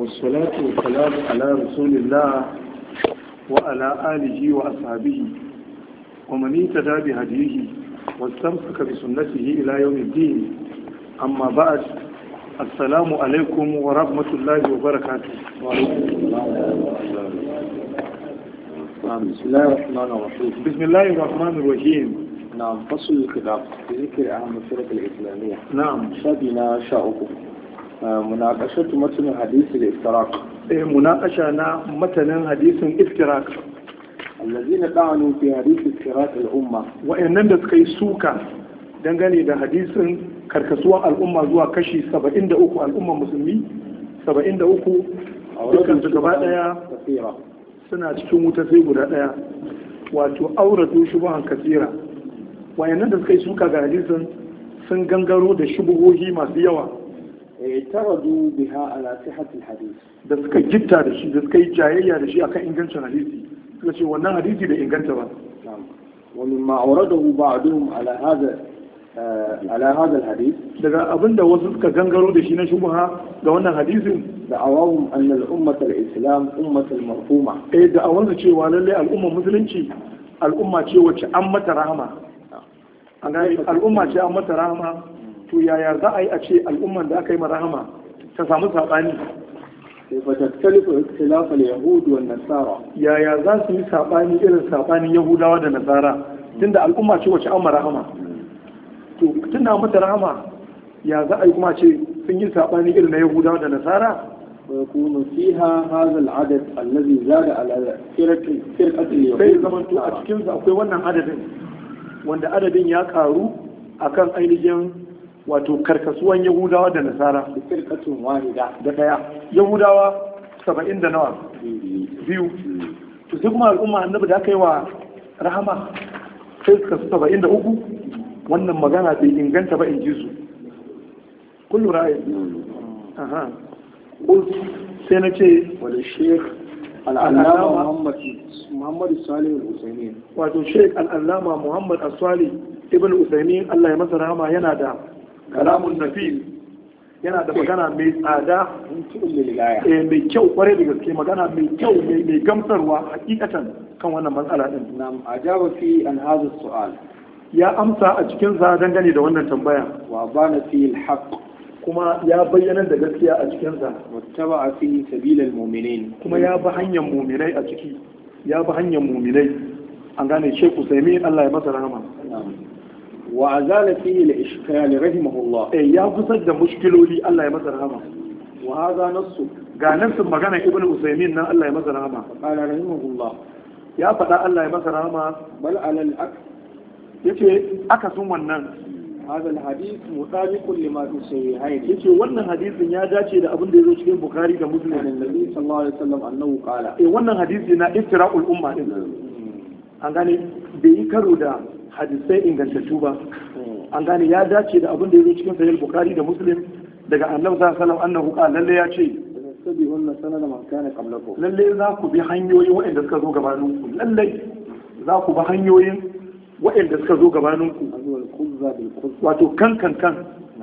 والصلاة والسلام على رسول الله وعلى آله وأصحابه ومن اهتدى بهديه واستمسك بسنته إلى يوم الدين أما بعد السلام عليكم ورحمة الله وبركاته وعليكم السلام بسم الله الرحمن الرحيم بسم الله الرحمن الرحيم نعم فصل الخطاب في ذكر أهم الفرق الإسلامية نعم شابنا شاؤكم munaqashatu matan hadisi da iftirak eh munaqasha na matanin hadisin iftirak allazina da'anu fi hadisi iftirak al-umma wa'annan da suka yi suka dangane da hadisin karkasuwan al'umma zuwa kashi 73 al'umma musulmi 73 dukkan su gaba daya suna cikin wuta sai guda daya wato auratu shubuhan kasira wayannan da suka yi suka ga hadisin sun gangaro da shubuhohi masu yawa taradu biha ala sihhatil hadith da suka gitta da shi da suka yi jayayya da shi akan ingancin hadisi suka ce wannan hadisi da inganta ba wa mimma awradahu ba'dhum ala hadha eh, ala hadha alhadith daga abinda wasu suka gangaro da shi na shubha ga wannan hadisin da awahum anna al-ummata al-islam ummata al-marhuma eh da awanzu cewa lalle al'umma musulunci al'umma ce wacce an mata rahama al'umma ce an mata to yaya za a yi a ce al'umman da aka yi marahama ta samu saɓani yaya za su yi saɓani irin saɓanin yahudawa da nasara tunda al'umma ce wace an marahama to tunda an mata rahama ya za a yi kuma ce sun yi saɓani irin na yahudawa da nasara ويكون فيها هذا العدد الذي زاد على فرقة اليهود sai zamanto a cikinsu akwai wannan adadin wanda adadin ya karu akan ainihin wato karkasuwan yahudawa da nasara da daya yahudawa saba'in da nawa mm. biyu mm. to sai kuma al'umma annabi da aka yi wa rahama sai suka su saba'in da uku wannan magana bai inganta ba in ji su mm. kullum ra'ayi sai na ce wani shek al'allama Muhammadu muhammad salih al-usaini wato shek al'allama Muhammadu al-salih ibn usaini Allah ya masa rahama yana da kalamun nafi yana da magana mai tsada eh mai kyau kware da gaske magana mai kyau mai gamsarwa hakikatan kan wannan matsala din nam ajaba fi an hadha su'al ya amsa a cikin sa dangane da wannan tambaya wa bana fi al-haqq kuma ya bayyana da gaskiya a cikin sa wattaba fi sabilal mu'minin kuma ya bi hanyar mu'minai a ciki ya bi hanyar mu'minai an gane Sheikh Usaimin Allah ya masa rahama wa azala fihi la ishkal rahimahullah eh ya gusar da mushkiloli Allah ya masa rahama wa hadha nassu ga sun magana ibnu usaymin nan Allah ya masa rahama qala rahimahullah ya faɗa Allah ya masa rahama bal alal ak yace aka sun wannan hadal hadith mutabiqun lima fi sahihayn yace wannan hadisin ya dace da abin da yazo cikin bukhari da muslim annabi sallallahu alaihi wasallam annahu qala eh wannan hadisi na iftira'ul umma din hmm. an gane bai yi karo da hadisai ingantattu ba an gane ya dace da abin da ya zo cikin sahih bukhari da muslim daga annabi sallallahu alaihi wasallam annahu qala lalle ya ce man kana qablakum lalle za ku bi hanyoyin waɗanda suka zo gabanin ku lalle za ku bi hanyoyin waɗanda suka zo gabanin ku wato kan kan kan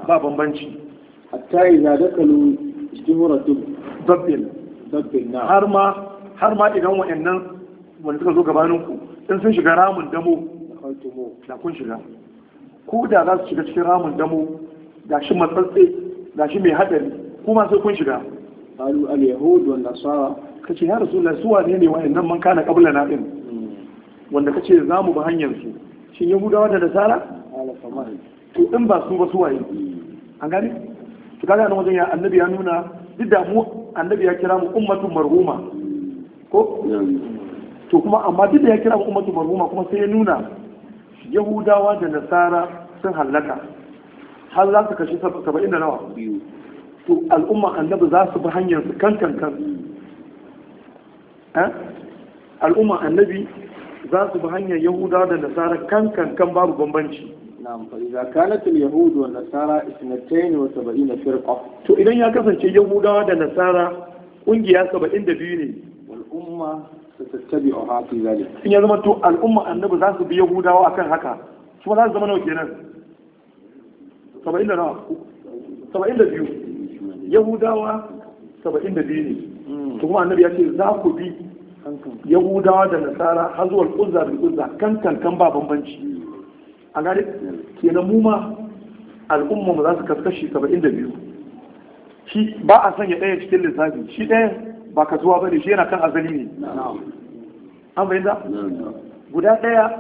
ba bambanci hatta idza dakalu jumratul dabbil dabbil na har ma har ma idan waɗannan wanda suka zo gabanin ku in sun shiga ramin damo dakhaltumu da kun shiga ku da za su shiga cikin ramin shi gashi matsatse shi mai hadari kuma sai kun shiga qalu al yahud wal nasara kace ya rasulullah su wane ne wayannan man kana qabla na din hmm. wanda kace za mu ba hanyar su shin yahudawa da nasara to in ba su ba su waye hmm. an gane to kaga nan wajen ya annabi ya nuna duk da mu annabi ya kira mu ummatun marhuma hmm. ko to kuma amma duk da ya kira mu ummatun marhuma kuma sai ya nuna yahudawa da nasara sun hallaka har za su kashe saba'in da nawa biyu to al'umma annabi za su bi hanyar su kan kan kan eh? al'umma annabi za su bi hanyar yahudawa da nasara kan kan kan babu bambanci na'am fa idza kanat al yahud wa nasara 72 firqa to idan ya kasance yahudawa da nasara kungiya 72 ne wal umma in ya zama to al'umma annabi za su bi yahudawa akan haka kuma za su zama nawa kenan da nawa Saba'in da biyu. yahudawa saba'in da biyu ne to kuma annabi ya ce za ku bi yahudawa da nasara har zuwa uzza da uzza kan kankan ba bambanci a gari kenan mu ma al'umma mu za su kaskashi saba'in 72 shi ba a sanya ɗaya cikin lissafi shi ɗaya ba kasuwa ba ne shi yana kan azali ne an fahimta guda ɗaya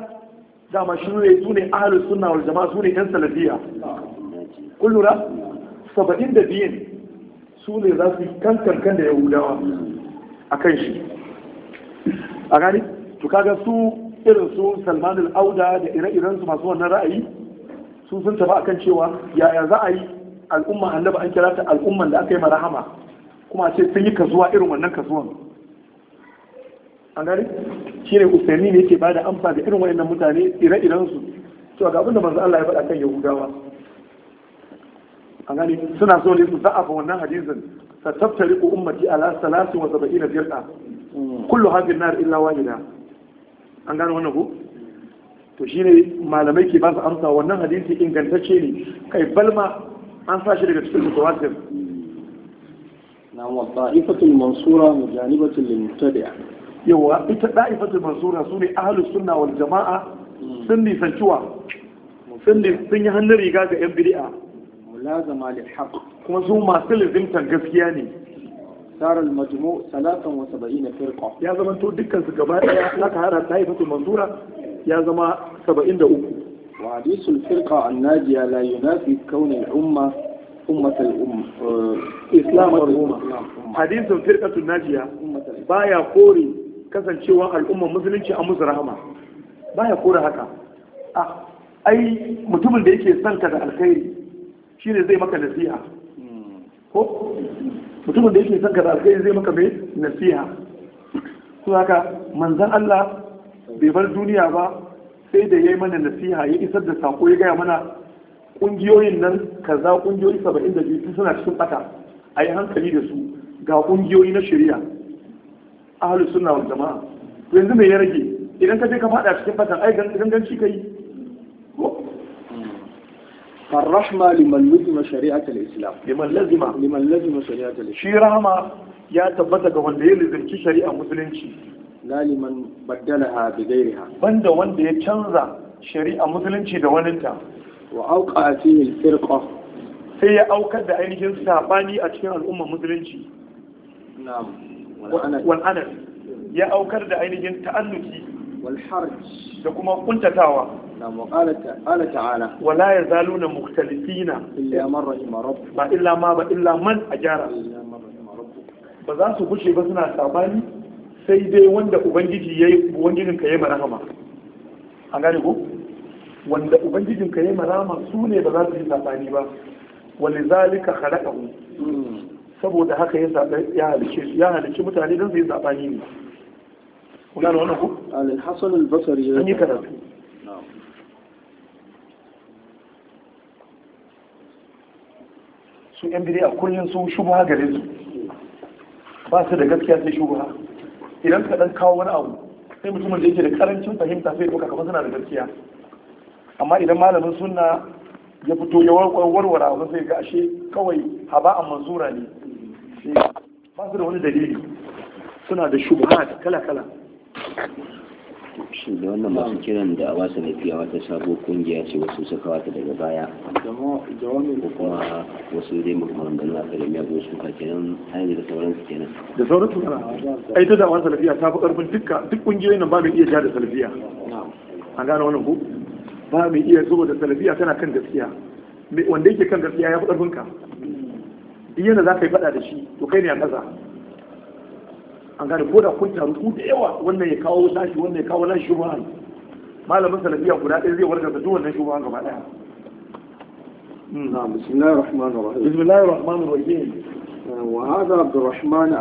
dama shi ne su ne ahalus sunna wal jama'a su ne yan salafiya kun lura saba'in da biyan su ne za su yi kankan da yahudawa a kan shi a gani to kaga su irin su salman al'auda da ire-iren su masu wannan ra'ayi su sun a akan cewa yaya za a yi al'umma ba an kira ta al'umman da aka yi marahama kuma ce sun yi kazuwa irin wannan kazuwan an gani shi ne usaini ne yake ba da amsa da irin wannan mutane ire-iren su To ga abinda manzo Allah ya faɗa kan yahudawa an gani suna so ne su za'afa wannan hadisin ta taftari ko ummati ala salasin wa saba'ina firqa kullu na nar illa wahida an gani wannan ko to shi ne malamai ke ba su amsa wannan hadisi ingantacce ne kai balma an sa shi daga cikin mutawatir na wa'ifatul mansura mujanibatul Yau yawa ita da'ifatul mansura su ne ahlus sunna wal jama'a sun nisancuwa sun sun yi hannun riga ga yan bid'a mulazama kuma su masu gaskiya ne صار المجموع 73 فرقة يا زمان تو دكان su gaba daya naka hada taifatul mansura ya zama 73 وحديث الفرقة الناجية لا ينافي كون الأمة أمة الأمة الإسلام والأمة حديث firqatul الناجية baya kore kasancewa al'umman الأمة a musu rahama بايا kore haka a ai mutumin da yake son ka da alkhairi shine zai maka nasiha ko mutumin da yake son ka da alkhairi zai maka mai nasiha Allah bai bar duniya ba sai da ya yi mana nasiha ya isar da sako ya gaya mana ƙungiyoyin nan kaza ƙungiyoyi saba'in da suna cikin ɓata a yi hankali da su ga ƙungiyoyi na shari'a ahalu suna wa jama'a to yanzu me ya rage idan ka je ka faɗa cikin fatan ai ganganci ka yi فالرحمة لمن لزم شريعة الإسلام لمن لزم لمن لزم شريعة الإسلام شي رحمة يا تبتا ga wanda ya lizimci shari'a musulunci la liman baddalaha bi ghayriha banda wanda ya canza shari'a musulunci da waninta wa auqa sai ya aukar da ainihin sabani a cikin al'ummar musulunci wal'anar ya aukar da ainihin ta'annuki da kuma kuntatawa Wala ya zalo na مختلفين إلا من رحم ربك ما إلا ما إلا من ba za su gushe ba suna sabani sai dai wanda ubangiji ya yi ubangijin ka yi marahama an gane ko wanda ubangijin ka yi marahama su ne ba za su yi sabani ba wani zalika hu saboda haka ya zaba ya halice ya halice mutane don zai yi ni ne kuna da wannan ku al-hasan al-basri an yi karatu su yan a kullun su shubha gare su ba su da gaskiya sai shubha idan ka dan kawo wani abu sai mutumin da yake da karancin fahimta sai doka kamar suna da gaskiya amma idan malamin sunna ya fito ya warware a sai ga ashe kawai a manzura ne ba su da wani dalili suna da da kala-kala shi da wannan masu kiran da awa salafiya wata sabo kungiya ce wasu suka wata daga baya ko kuma wasu dai da na kalamiya ko su ka kenan hanyar da sauran su kenan da sauran su kana ai ta da awa salafiya ta fi karfin duk kungiyoyin nan ba mai iya ja da salafiya a gane wannan ku ba mai iya zuwa da salafiya tana kan gaskiya wanda yake kan gaskiya ya fi ƙarfinka yana za ka yi faɗa da shi to kai ne a kaza, an gane ko da kun taru ku da yawa wannan ya kawo nashi wannan ya kawo nashi shubuhan malamin salafiya guda ɗaya zai warkar da duk wannan shubuhan gaba ɗaya بسم الله الرحمن الرحيم بسم الله الرحمن وهذا عبد الرحمن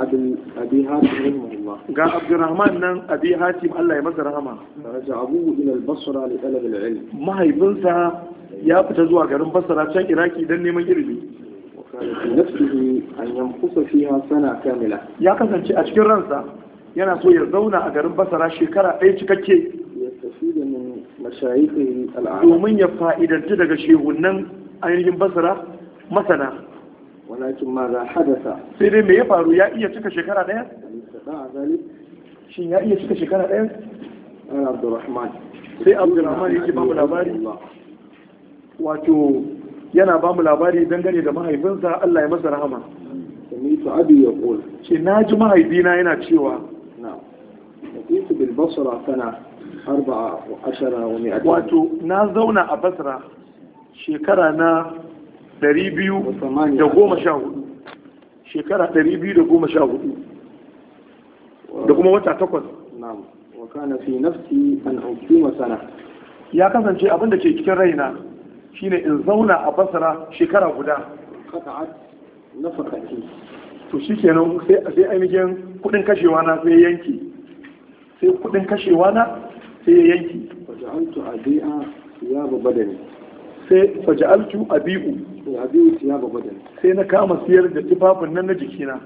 أبي هاتم رحمه الله قال عبد الرحمن نان أبي هاتم الله يمسى رحمه رجع أبوه إلى البصرة لطلب العلم ما هي بنسى يا بتزوى قرن بصرة شان إراكي دني من يربي وكان في نفسه أن ينقص فيها سنة كاملة يا كسن أشكر رنسى yana so ya zauna a garin basara shekara ɗaya cikakke domin ya fa'idanci daga shehunan ainihin basara masana walakin ma za hadasa sai dai me ya faru ya iya cika shekara ɗaya shin ya iya cika shekara ɗaya ana abdurrahman sai abdurrahman yake ba mu labari wato yana ba mu labari dangane da mahaifinsa Allah ya masa rahama samitu abi ya ce mahaifina yana cewa na bil basra sana wa wato na zauna a basra shekara na shekara 214 da kuma wata takwas wakana fi nafsi an hukuma sana ya kasance abin da ke cikin raina shine in zauna a basara shekara guda to shi kenan sai ainihin kudin kashewa na sai yanki sai kudin kashewa na sai yanki wajen an tu'adi'a ya babbada ne sai faja'altu abi'u abi'u badal sai na kama siyar da tufafin nan na jikina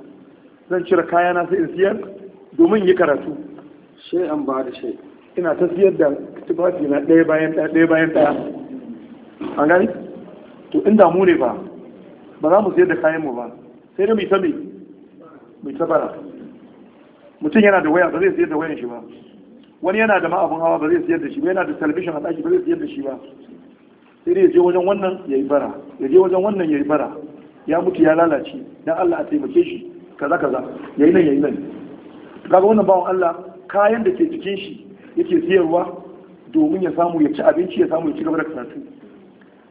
zan cire kayana sai in siyar domin yi karatu sai an ba da shi ina ta siyar da tufafi na ɗaya bayan ɗaya ɗaya bayan ɗaya an gani to in mu ne ba ba za mu siyar da kayan mu ba sai da mu ta mai mu ta bara mutum yana da waya ba zai siyar da wayan shi ba wani yana da ma'abin hawa ba zai siyar da shi ba yana da talabishin a ɗaki ba zai siyar da shi ba sai dai ya je wajen wannan ya yi bara ya je wajen wannan ya yi bara ya mutu ya lalace dan Allah a taimake shi kaza kaza ya yi nan ya yi nan kaga wannan bawan Allah kayan da ke cikin shi yake siyarwa domin ya samu ya ci abinci ya samu ya ci gaba da karatu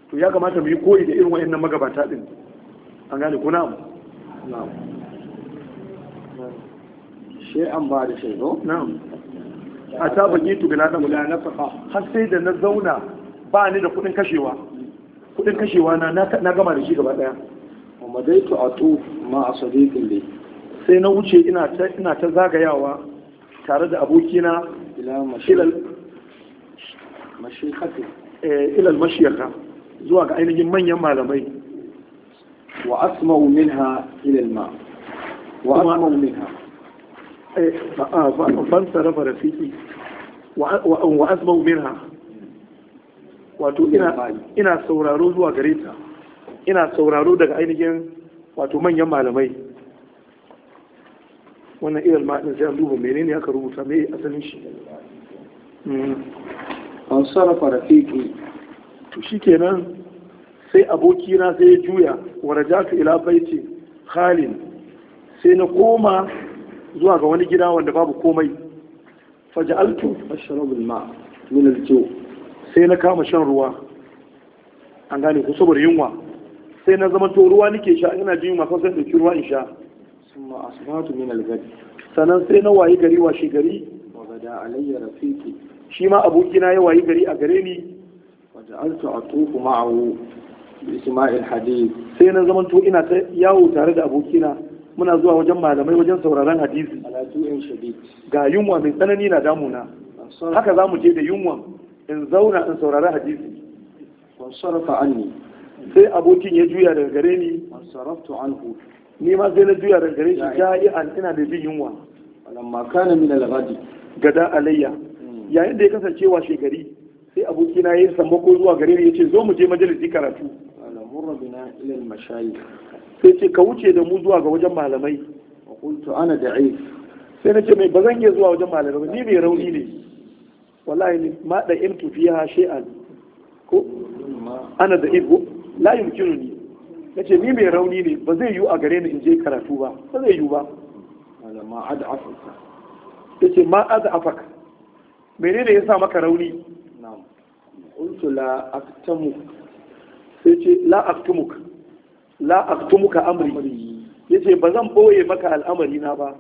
to ya kamata mu yi koyi da irin wayannan magabata din an gane ko na'am na'am shi an ba da shi na'am a ta bage tu bila na fafa har sai da na zauna ba ni da kudin kashewa kudin kashewa na na gama da shi gaba daya amma dai to atu ma a sadiqin ne sai na wuce ina ta ina ta zagayawa tare da abokina ila mashilal mashiqati eh ila mashiqa zuwa ga ainihin manyan malamai wa asma'u minha ila al-ma wa asma'u minha eh fa fa fa rafiqi wa asma'u minha wato ina sauraro zuwa gare ta ina sauraro daga ainihin wato manyan malamai wannan irin ma'adin sai an duba menene aka rubuta mai asalin shi hmm. an sarrafa rafiki to shi kenan sai abokina sai juya juya ja ka ila baiti halin? sai na koma zuwa ga wani gida wanda babu komai faja'altu ashrabul ma min al sai na kama shan ruwa an gane ku saboda yunwa sai na zama to ruwa nake sha ina jin yunwa sai ɗauki ruwa in sha summa asbahatu min al-ghadi sanan sai na wayi gari washe gari wa bada alayya rafiqi shi ma abokina ya wayi gari a gare ni wa ja'altu atufu ma'ahu isma'il hadith sai na zama to ina ta yawo tare da abokina muna zuwa wajen malamai wajen sauraron hadisi ga yunwa mai tsanani na damuna haka za mu je da yunwa in zauna in saurari hadisi wasarafa anni sai abokin ya juya daga gare ni wasaraftu anhu ni ma sai na juya daga gare shi ja'ian ina da bin yunwa lamma kana min al-ghadi gada alayya hmm. yayin da ya kasance wa shekari sai abokina ya yi sammako zuwa gare ni yace zo mu je majalisi karatu murra bina ila al-mashayikh sai ce ka wuce da mu zuwa ga wajen malamai wa qultu ana da'if sai na ce mai bazan iya zuwa wajen malamai ni mai rauni ne wallahi ma da imtu fiha shay'an ko ana da ibo la yumkinuni nace ni mai rauni ne ba zai yiwu a gare ni in je karatu ba ba zai yiwu ba ma ad'afaka yace ma afaka menene yasa maka rauni na'am la aktamu sai ce la aktumuk la aktumuka amri yace ba zan boye maka al'amari na ba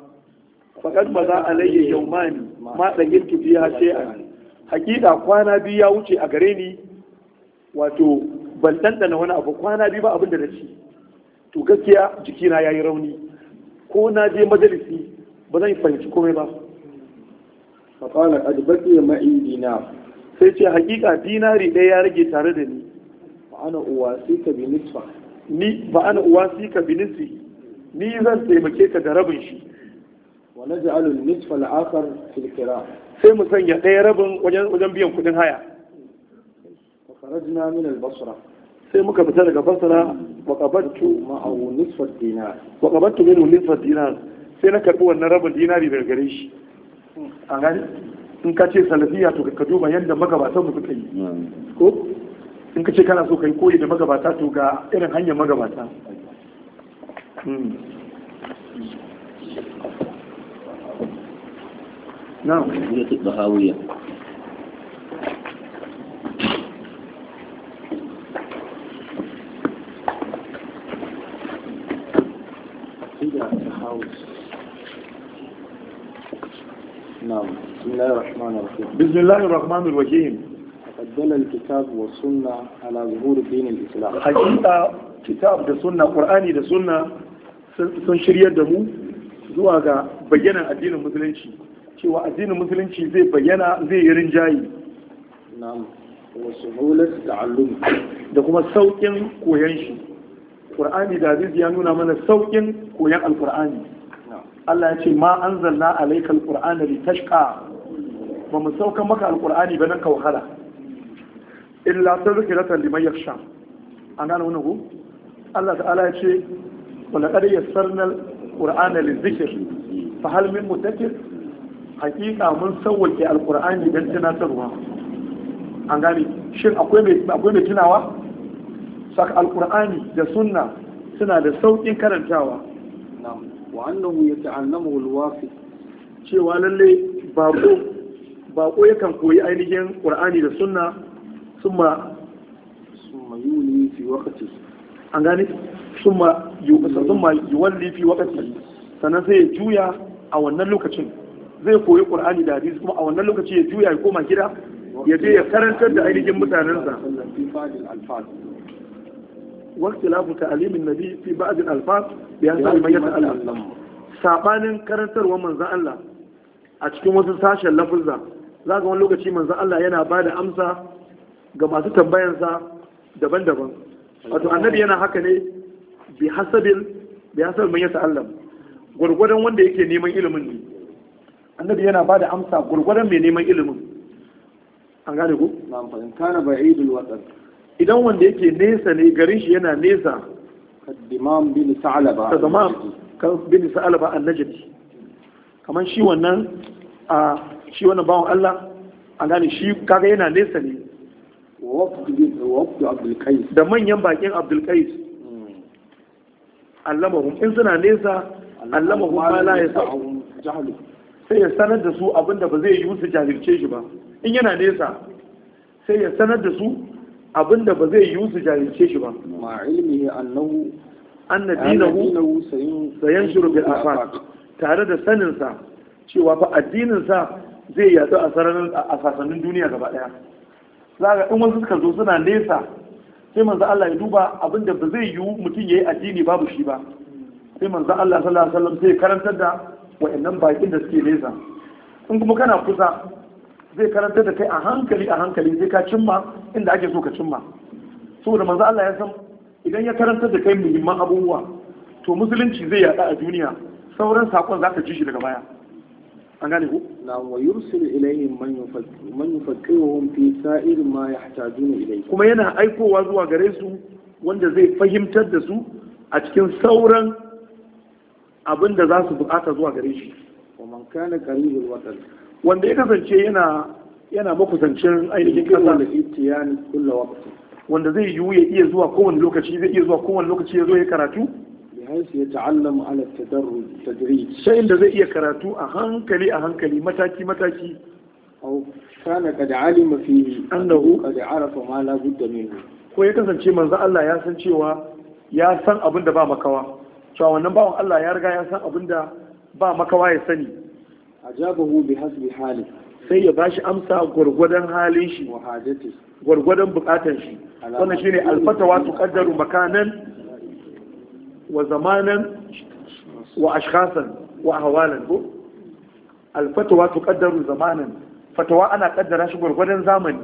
za maza alayya yawmani ma da yirki biya shay'an hakika kwana biyu ya wuce a gare ni wato ban dandana wani abu kwana biyu ba abinda da na ci to gaskiya jikina ya yi rauni ko na je majalisi ba zan fahimci komai ba faƙala adbaki ma'i dina sai ce hakika dinari ɗaya ya rage tare da ni ba ana uwasi ka bi nisfa ni ba ana uwasi ka bi nisfi ni zan taimake ka da rabin shi wa naj'alu nisfa al fil sai mu sanya ɗaya rabin wajen biyan kuɗin haya fa kharajna min al-basra sai muka fita daga basra wa qabattu ma'ahu nisfa dinar wa qabattu minhu nisfa dinar sai na karɓi wannan rabin dinari daga gare shi an gani in ka ce salafiya to ka duba yadda magabatan mu suka yi ko in ka ce kana so ka yi koyi da magabata to ga irin hanyar magabata hmm. نعم جملة الضهاوية نعم بسم الله الرحمن الرحيم بسم الله الرحمن الرحيم دل الكتاب والسنة على ظهور دين الإسلام حقيقة كتاب da sunna Qur'ani da sunna sun shiryar da mu zuwa ga bayyanan cewa addinin musulunci zai bayyana zai yi rinjaye da kuma sauƙin koyon shi ƙur'ani da aziz ya nuna mana sauƙin koyon alƙur'ani Allah ya ce ma an zanna alaikal ƙur'ani da tashka ba mu saukan maka alƙur'ani ba don kawhala illa ta zuke rata liman yaksha an gane wani ku Allah ta'ala ya ce wala ƙar yassarnal ƙur'ani da zikir fa hal mutakir hakika mun sauwake alkur'ani don tunatarwa an gane shin akwai mai tunawa saka alkur'ani da sunna suna da sauƙin karantawa wa annahu yata'allamu alwafi cewa lalle bako bako yakan koyi ainihin qur'ani da sunna summa summa yuli fi waqti an gane summa summa yuwalli fi waqti sannan sai juya a wannan lokacin zai koyi qur'ani da hadisi kuma a wannan lokaci ya juya ya koma gida ya je ya karantar da ainihin mutanensa واختلاف fi النبي alfas. بعض الألفاظ بأنزل من Allah. sabanin karantarwar manzan Allah a cikin wasu sashen lafuzza za ga wani lokaci manzan Allah yana ba da amsa ga masu tambayansa daban-daban wato annabi yana haka ne bi hasabin bi hasabin man yata'allam gwargwadon wanda yake neman ilimin ne annabi yana ba da amsa gurgurar mai neman ilimin an gane ku kana fa in kana ba'idul watan idan wanda yake nesa ne garin shi yana nesa kaddimam bin sa'alaba kaddimam bin sa'alaba annajdi kaman shi wannan a shi wannan bawon Allah an gane shi kaga yana nesa ne da manyan bakin abdulkais hmm. allamahum in suna nesa allamahum ma la yasa'u jahalu sai ya sanar da su abinda ba zai yi su jahilce shi ba in yana nesa sai ya sanar da su abinda ba zai yi su jahilce shi ba ma ilmi annahu annadinahu dinahu sayanshuru bil afaq tare da sanin sa cewa fa addinin sa zai yadu a sararin asasannin sasannin duniya gaba daya zaka in wasu suka zo suna nesa sai manzo Allah ya duba abinda ba zai yi mutum yayi addini babu shi ba sai manzo Allah sallallahu alaihi wasallam sai karantar da wa'annan bakin da suke nesa in kuma kana kusa zai karanta da kai a hankali a hankali zai ka cimma inda ake so ka cimma saboda manzo Allah ya san idan ya karanta da kai muhimman abubuwa to musulunci zai yada a duniya sauran sakon ka ji shi daga baya an gane ku na wa yursil ilayhim man yufakkiru man yufakkiruhum fi sa'ir ma yahtajuna ilayhi kuma yana aikowa zuwa gare su wanda zai fahimtar da su a cikin sauran abin da za su bukata zuwa gare shi wa man kana qaribul watan wanda ya kasance yana yana makusancin ainihin kasa da itiyani kullu waqti wanda zai yiwu ya iya zuwa kowane lokaci zai iya zuwa kowane lokaci ya zo ya karatu haisu ya ta'allam ala tadarruj tadrij sai da zai iya karatu a hankali a hankali mataki mataki aw kana qad alima fihi annahu qad arafa ma la budda minhu ko ya kasance manzo Allah ya san cewa ya san abin da ba makawa cewa wannan bawan Allah ya riga ya san abin da ba makawa ya sani ajabahu bi hasbi hali sai ya bashi amsa gurgurdan halin shi wa hajati gurgurdan bukatan shi wannan shine alfatawa tuqaddaru makanan wa zamanan wa ashkhasan wa ahwalan ko alfatawa tuqaddaru zamanan fatawa ana kaddara shi gurgurdan zamani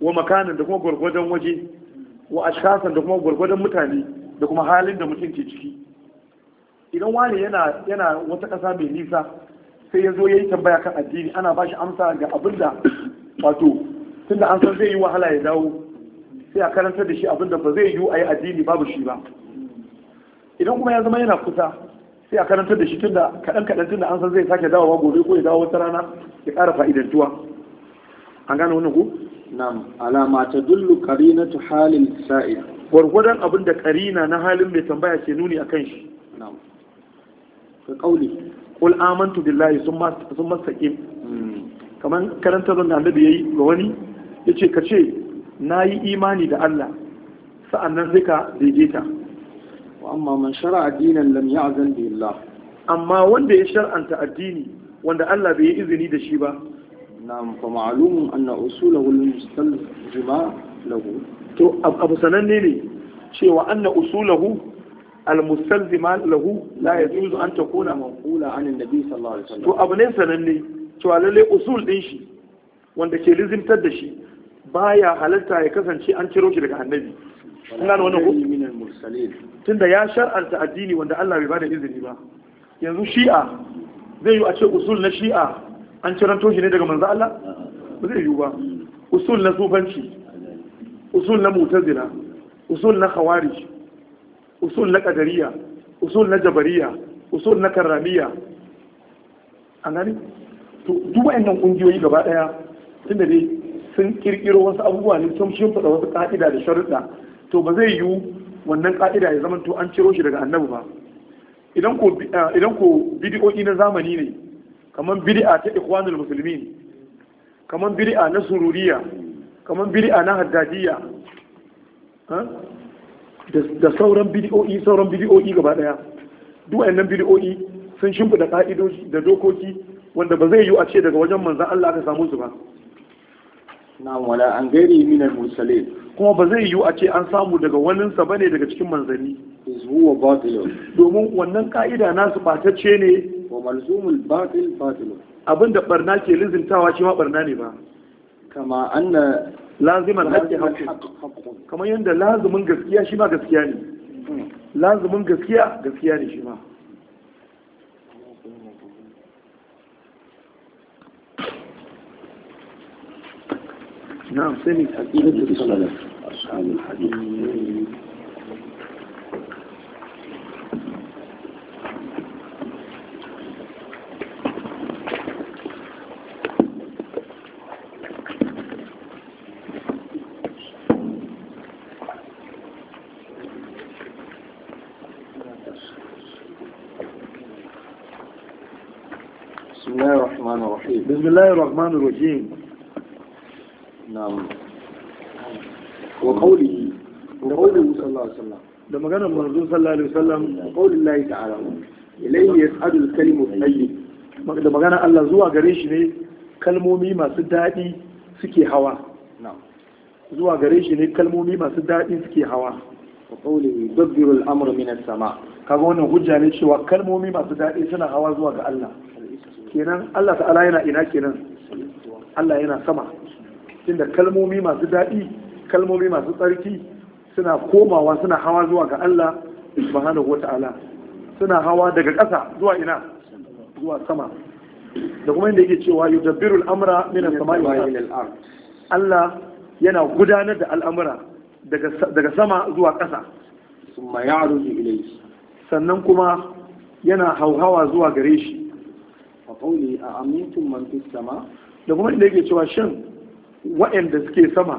wa makanan da kuma gurgurdan waje wa ashkhasan da kuma gurgurdan mutane da kuma halin da mutum ke ciki idan wani yana wata ƙasa mai nisa sai ya zo ya yi tambaya kan addini ana ba shi amsa ga abin da wato tunda an san zai yi wahala ya dawo sai a karantar da shi abin da ba zai yi a yi addini babu shi ba idan kuma ya zama yana kusa sai a karantar da shi tunda kaɗan kaɗan tunda an san zai sake dawowa gobe ko ya dawo wata rana ya ƙara fa'idantuwa an gane wannan ku nam alama ta dullu qarinatu halin Sa'id. gwargwadon abin da karina na halin mai tambaya ke nuni akan shi ka kauli qul amantu billahi thumma thumma istaqim kaman karanta da annabi yayi ga wani yace ka ce nayi imani da Allah sa'annan sai ka daidaita wa amma man shara'a dinan lam ya'zan bi Allah amma wanda ya shar'anta addini wanda Allah bai yi izini da shi ba na'am fa ma'lumun anna usulahu al-mustalzima lahu to abu sananne ne cewa anna usulahu al-mustalzima lahu la yajuzu an takuna manqula an annabi sallallahu alaihi wasallam to abu ne sananne cewa lalle usul din shi wanda ke lizimtar da shi baya halarta ya kasance an ciro shi daga annabi kuna da wannan hukunci tunda ya shar'anta addini wanda Allah bai bada izini ba yanzu shi'a zai yi a ce usul na shi'a an ciranto shi ne daga manzo Allah ba zai yi ba usul na sufanci usul na mutazila usul na khawarij usul na kadariya usul na jabariya usul na karramiya a gani to duk wayannan kungiyoyi gaba daya tunda dai sun kirkiro wasu abubuwa ne sun shi fada wasu ka'ida da sharuɗa to ba zai yiwu wannan ƙa'ida ya zamanto an ciro shi daga annabi ba idan ko eh, idan ko na zamani ne kamar bid'a ta ikhwanul muslimin kamar bid'a na sururiya kamar bid'a na haddadiya eh, da sauran bidiyo'i sauran bidiyo'i gaba daya duk wayannan bidiyo'i sun da ka'idoji da dokoki wanda ba zai yi a ce daga wajen manzan Allah aka samu su ba na'am wala an gairi min al kuma ba zai yi a ce an samu daga wannan sa bane daga cikin manzanni huwa batil domin wannan ka'ida nasu batacce ne wa malzumul batil batil abinda barna ke lizintawa shi ma barna ne ba kama anna laziman haƙƙi haƙƙi kamar yadda lazumin gaskiya shi ma gaskiya ne lazumin gaskiya gaskiya ne shi ma نعم سمي حقيقة السلف أصحاب الحديث bismillahir rahmanir rahim na'am wa qawlihi wa da maganar manzo sallallahu alaihi da maganar Allah zuwa gare shi ne kalmomi masu daɗi suke hawa zuwa gare shi ne kalmomi masu daɗi suke hawa wa qawlihi yudabbiru al hujja ne cewa kalmomi masu daɗi suna hawa zuwa ga Allah kenan Allah ta'ala yana ina kenan Allah yana sama inda kalmomi masu daɗi kalmomi masu tsarki suna komawa suna hawa zuwa ga Allah subhanahu wata'ala suna hawa daga ƙasa zuwa ina zuwa sama da kuma inda yake cewa yudabbiru al'amra min as-sama'i wal ard Allah yana gudanar da al'amura daga sama zuwa ƙasa ya'ruju ilayhi sannan kuma yana hauhawa zuwa gare shi fa qawli a amintum man fis sama da kuma inda yake cewa shin waɗanda suke sama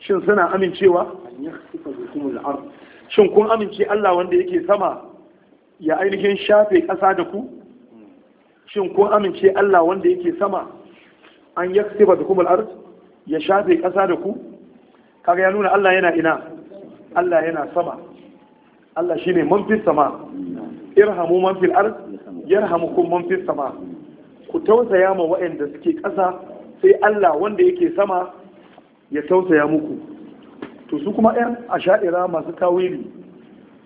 shin suna amincewa an yakhsifa bikum al-ard shin kun amince Allah wanda yake sama ya ainihin shafe ƙasa da ku shin kun amince Allah wanda yake sama an yakhsifa bikum al-ard ya shafe ƙasa da ku kaga ya nuna Allah yana ina Allah yana sama Allah shine man fis sama irhamu man fil ard yarhamukum man fis sama ku tausaya ma waɗanda suke ƙasa sai Allah wanda yake sama ya tausaya muku to su kuma ɗan sha'ira masu tawili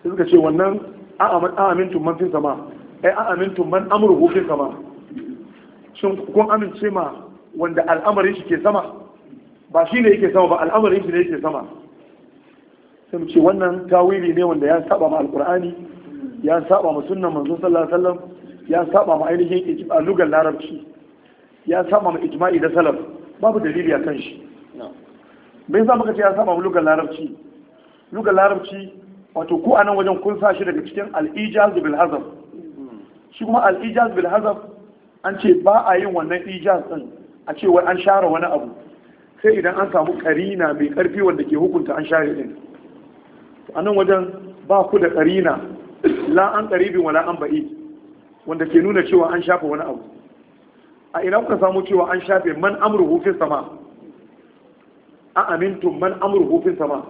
sai suka ce wannan a'amintum man fi sama ai a'amintum man amurhu fi sama shin kun amince ma wanda al'amarin shi ke sama ba shi ne yake sama ba al'amarin shi ne yake sama sai mu ce wannan tawili ne wanda ya saba ma alqur'ani ya saba ma sunnan manzon sallallahu alaihi wasallam ya saba ma ainihin a lugar larabci ya saba ma ijma'i da salaf babu dalili a kan shi me za muka ce ya saba ma lugar larabci lugar larabci wato ko anan wajen kun sa shi daga cikin al-ijaz bil hazaf shi kuma al-ijaz bil hazaf an ce ba a yin wannan ijaz din a ce wai an share wani abu sai idan an samu karina mai karfi wanda ke hukunta an share din anan wajen ba ku da karina la an qaribin wala an ba'i wanda ke nuna cewa an shafe wani abu a ina kuka samu cewa an shafe man amru fi sama a amintum man amru fi sama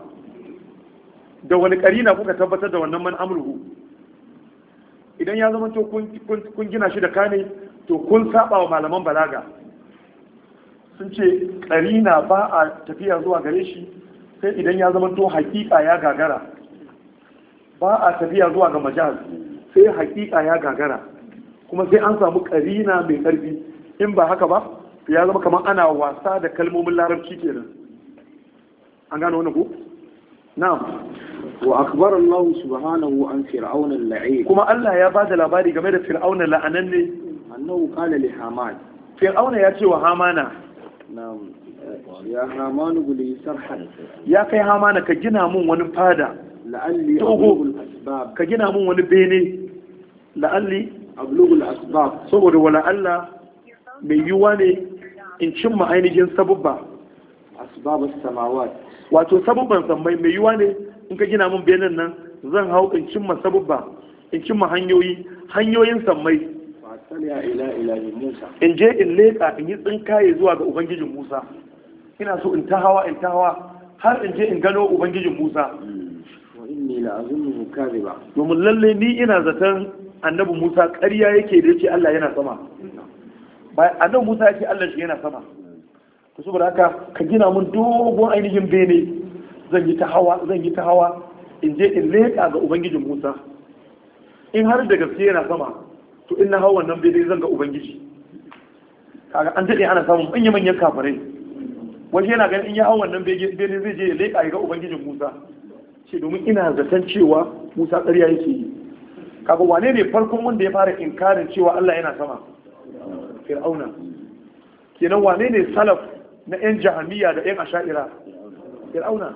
da wani karina kuka tabbatar da wannan man amruhu idan ya zama to kun gina shi da kane to kun saba wa malaman balaga sun ce karina ba a tafiya zuwa gare shi sai idan ya zama to hakika ya gagara ba a tafiya zuwa ga majaz sai hakika ya gagara kuma sai an samu karina mai karfi in ba haka ba ya zama kamar ana wasa da kalmomin larabci kenan an gano wani ku na'am wa akbar Allah subhanahu an fir'aun al kuma Allah ya bada labari game da fir'aun la'anan ne annahu qala li haman fir'aun ya ce wa hamana na'am ya hamanu guli sarhan ya kai hamana ka gina mun wani fada la'alli ka gina mun wani bene la'alli ablugul asbab saboda wala Allah mai yiwuwa ne in cimma ainihin sabubba asbabus samawat wato sabubban sammai mai yiwuwa ne in ka gina min benin nan zan hau in cimma sabubba in cimma hanyoyi hanyoyin sammai in je in leƙa in yi tsinkaye zuwa ga ubangijin musa ina so in ta hawa in ta hawa har in je in gano ubangijin musa hmm. domin lalle ni ina zaton annabi Musa ƙarya yake da yake Allah yana sama bayan annabi Musa yake Allah shi yana sama to saboda haka ka gina mun dogon ainihin bene zan yi ta hawa zan yi ta hawa in je in leƙa ga ubangijin Musa in har da gaske yana sama to in na hawa wannan bene zan ga ubangiji kaga an dade ana samun manya manyan kafirai wani yana ganin in ya hawa wannan bene zai je ya leƙa ga ubangijin Musa ce domin ina zaton cewa Musa ƙarya yake yi kaga wane ne farkon wanda ya fara inkarin cewa Allah yana sama fir'auna kenan wane ne salaf na yan jahamiya da yan asha'ira fir'auna